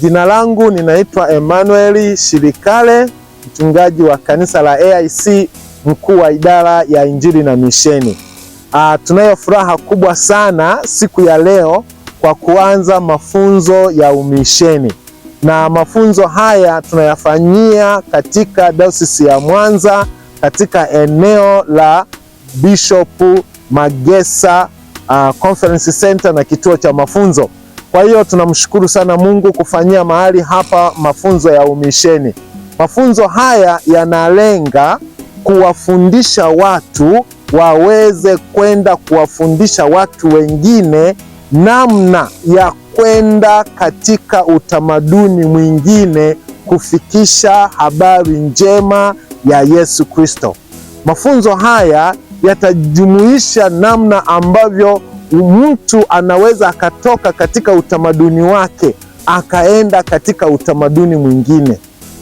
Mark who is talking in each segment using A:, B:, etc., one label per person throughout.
A: Jina langu ninaitwa Emmanuel Shirikale, mchungaji wa kanisa la AIC, mkuu wa idara ya injili na misheni. Ah, tunayo furaha kubwa sana siku ya leo kwa kuanza mafunzo ya umisheni, na mafunzo haya tunayafanyia katika Dayosisi ya Mwanza katika eneo la Bishop Magesa uh, Conference Center na kituo cha mafunzo kwa hiyo tunamshukuru sana Mungu kufanyia mahali hapa mafunzo ya umisheni. Mafunzo haya yanalenga kuwafundisha watu waweze kwenda kuwafundisha watu wengine namna ya kwenda katika utamaduni mwingine kufikisha habari njema ya Yesu Kristo. Mafunzo haya yatajumuisha namna ambavyo mtu anaweza akatoka katika utamaduni wake akaenda katika utamaduni mwingine,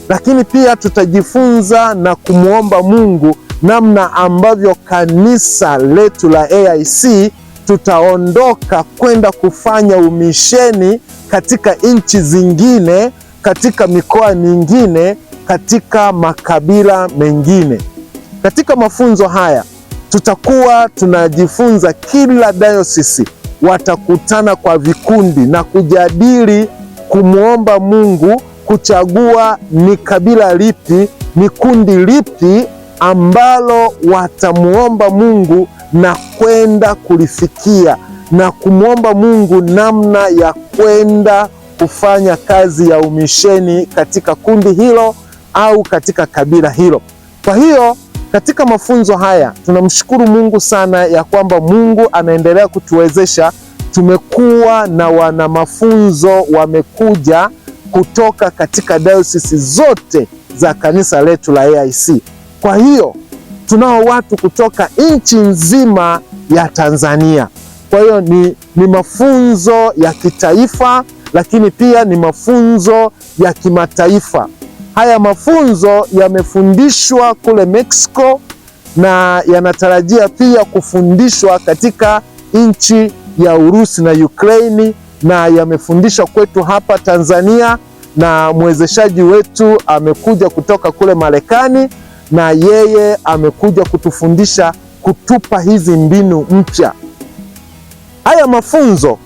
A: lakini pia tutajifunza na kumwomba Mungu namna ambavyo kanisa letu la AIC tutaondoka kwenda kufanya umisheni katika nchi zingine, katika mikoa mingine, katika makabila mengine. Katika mafunzo haya tutakuwa tunajifunza, kila dayosisi watakutana kwa vikundi na kujadili kumwomba Mungu kuchagua ni kabila lipi, ni kundi lipi ambalo watamwomba Mungu na kwenda kulifikia na kumwomba Mungu namna ya kwenda kufanya kazi ya umisheni katika kundi hilo au katika kabila hilo. Kwa hiyo katika mafunzo haya tunamshukuru Mungu sana ya kwamba Mungu anaendelea kutuwezesha. Tumekuwa na wana mafunzo wamekuja kutoka katika dayosisi zote za kanisa letu la AIC. Kwa hiyo tunao watu kutoka nchi nzima ya Tanzania. Kwa hiyo ni, ni mafunzo ya kitaifa lakini pia ni mafunzo ya kimataifa. Haya mafunzo yamefundishwa kule Mexico na yanatarajia pia kufundishwa katika nchi ya Urusi na Ukraini, na yamefundishwa kwetu hapa Tanzania, na mwezeshaji wetu amekuja kutoka kule Marekani na yeye amekuja kutufundisha kutupa hizi mbinu mpya. Haya mafunzo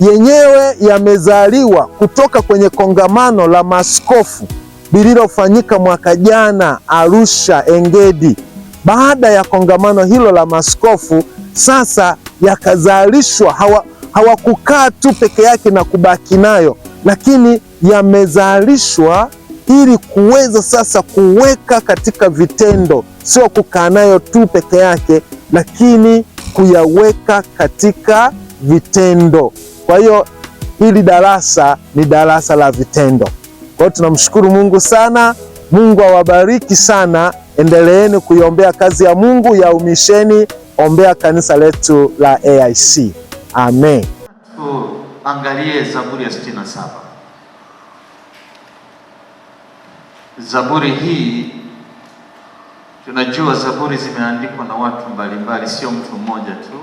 A: yenyewe yamezaliwa kutoka kwenye kongamano la maaskofu lililofanyika mwaka jana Arusha Engedi. Baada ya kongamano hilo la maskofu sasa yakazalishwa, hawakukaa hawa tu peke yake na kubaki nayo, lakini yamezalishwa ili kuweza sasa kuweka katika vitendo, sio kukaa nayo tu peke yake, lakini kuyaweka katika vitendo. Kwa hiyo hili darasa ni darasa la vitendo. Kwa hiyo tunamshukuru Mungu sana. Mungu awabariki sana, endeleeni kuiombea kazi ya Mungu ya umisheni, ombea kanisa letu la AIC. Amen.
B: Tuangalie Zaburi ya 67. Zaburi hii tunajua zaburi zimeandikwa na watu mbalimbali, sio mtu mmoja tu,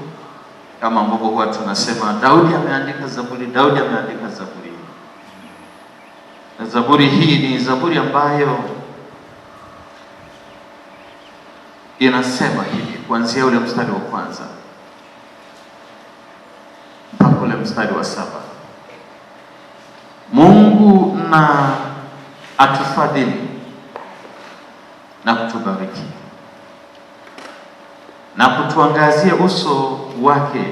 B: kama ambavyo huwa tunasema Daudi ameandika zaburi, Daudi ameandika zaburi na zaburi hii ni zaburi ambayo inasema hivi kuanzia ule mstari wa kwanza mpaka ule mstari wa saba Mungu na atufadhili na kutubariki na kutuangazia uso wake,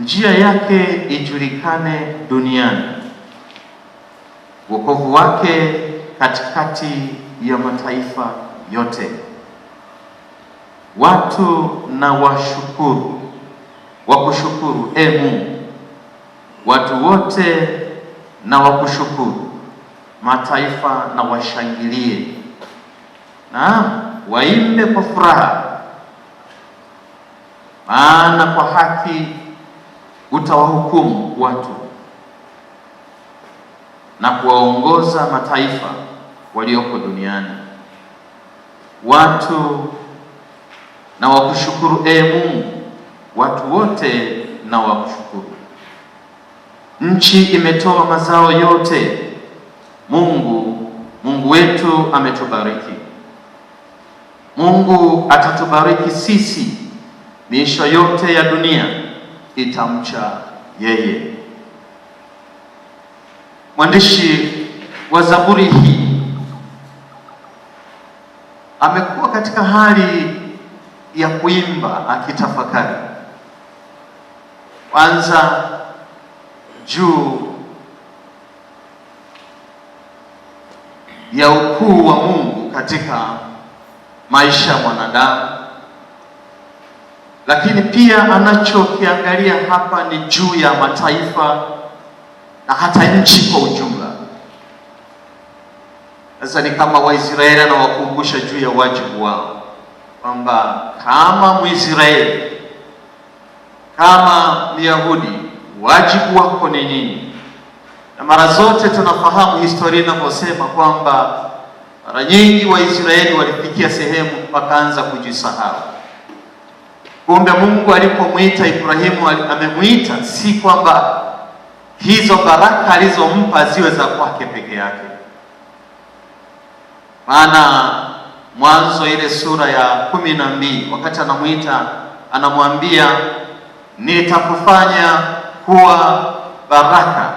B: njia yake ijulikane duniani wokovu wake katikati ya mataifa yote. Watu na washukuru wakushukuru, e Mungu, watu wote na wakushukuru, mataifa na washangilie, naam, waimbe kwa furaha, maana kwa haki utawahukumu watu na kuwaongoza mataifa walioko duniani. Watu na wakushukuru, e Mungu, watu wote na wakushukuru. Nchi imetoa mazao yote. Mungu, Mungu wetu ametubariki. Mungu atatubariki sisi, miisho yote ya dunia itamcha yeye. Mwandishi wa Zaburi hii amekuwa katika hali ya kuimba akitafakari kwanza juu ya ukuu wa Mungu katika maisha ya mwanadamu, lakini pia anachokiangalia hapa ni juu ya mataifa na hata nchi kwa ujumla. Sasa ni kama Waisraeli anawakumbusha juu ya wajibu wao kwamba kama Mwisraeli, kama Myahudi, wajibu wako ni nini? Na mara zote tunafahamu historia inavyosema kwamba mara nyingi Waisraeli walifikia sehemu wakaanza kujisahau. Kumbe Mungu alipomwita Ibrahimu amemwita si kwamba hizo baraka alizompa ziwe za kwake peke yake. Maana Mwanzo ile sura ya kumi na mbili wakati anamwita anamwambia, nitakufanya kuwa baraka,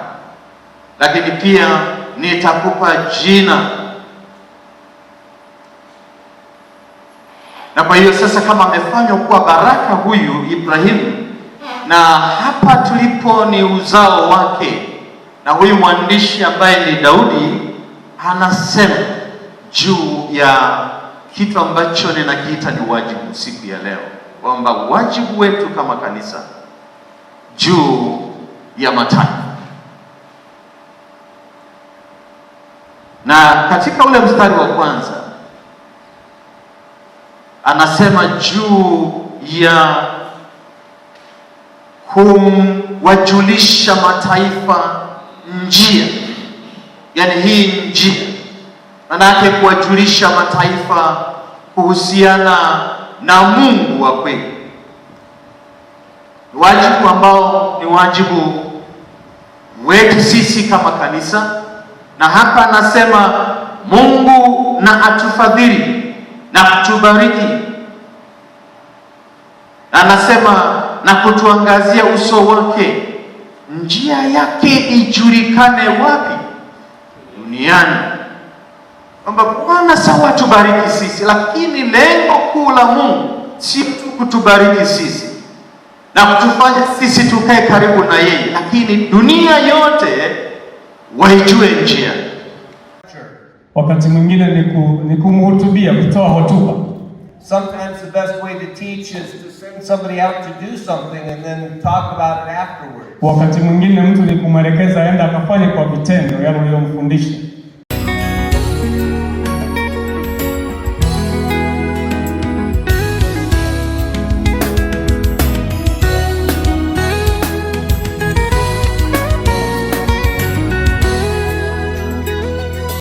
B: lakini pia nitakupa jina. Na kwa hiyo sasa, kama amefanywa kuwa baraka huyu Ibrahimu na hapa tulipo ni uzao wake, na huyu mwandishi ambaye ni Daudi anasema juu ya kitu ambacho ninakiita ni wajibu siku ya leo, kwamba wajibu wetu kama kanisa juu ya mataifa na katika ule mstari wa kwanza anasema juu ya kumwajulisha mataifa njia, yani hii njia manake kuwajulisha mataifa kuhusiana na Mungu wa kweli. Ni wajibu ambao ni wajibu wetu sisi kama kanisa, na hapa anasema Mungu na atufadhili na kutubariki, na anasema na kutuangazia uso wake, njia yake ijulikane wapi duniani, kwamba Bwana sawa tubariki sisi, lakini lengo kuu la Mungu si tu kutubariki sisi na kutufanya sisi tukae karibu na yeye, lakini dunia yote waijue njia.
C: Wakati mwingine ni kumhutubia, kutoa hotuba
D: best way to teach is to send somebody out to do something and then talk about it afterwards.
C: Wakati mwingine mtu ni kumwelekeza aende akafanye kwa vitendo yale uliyomfundisha.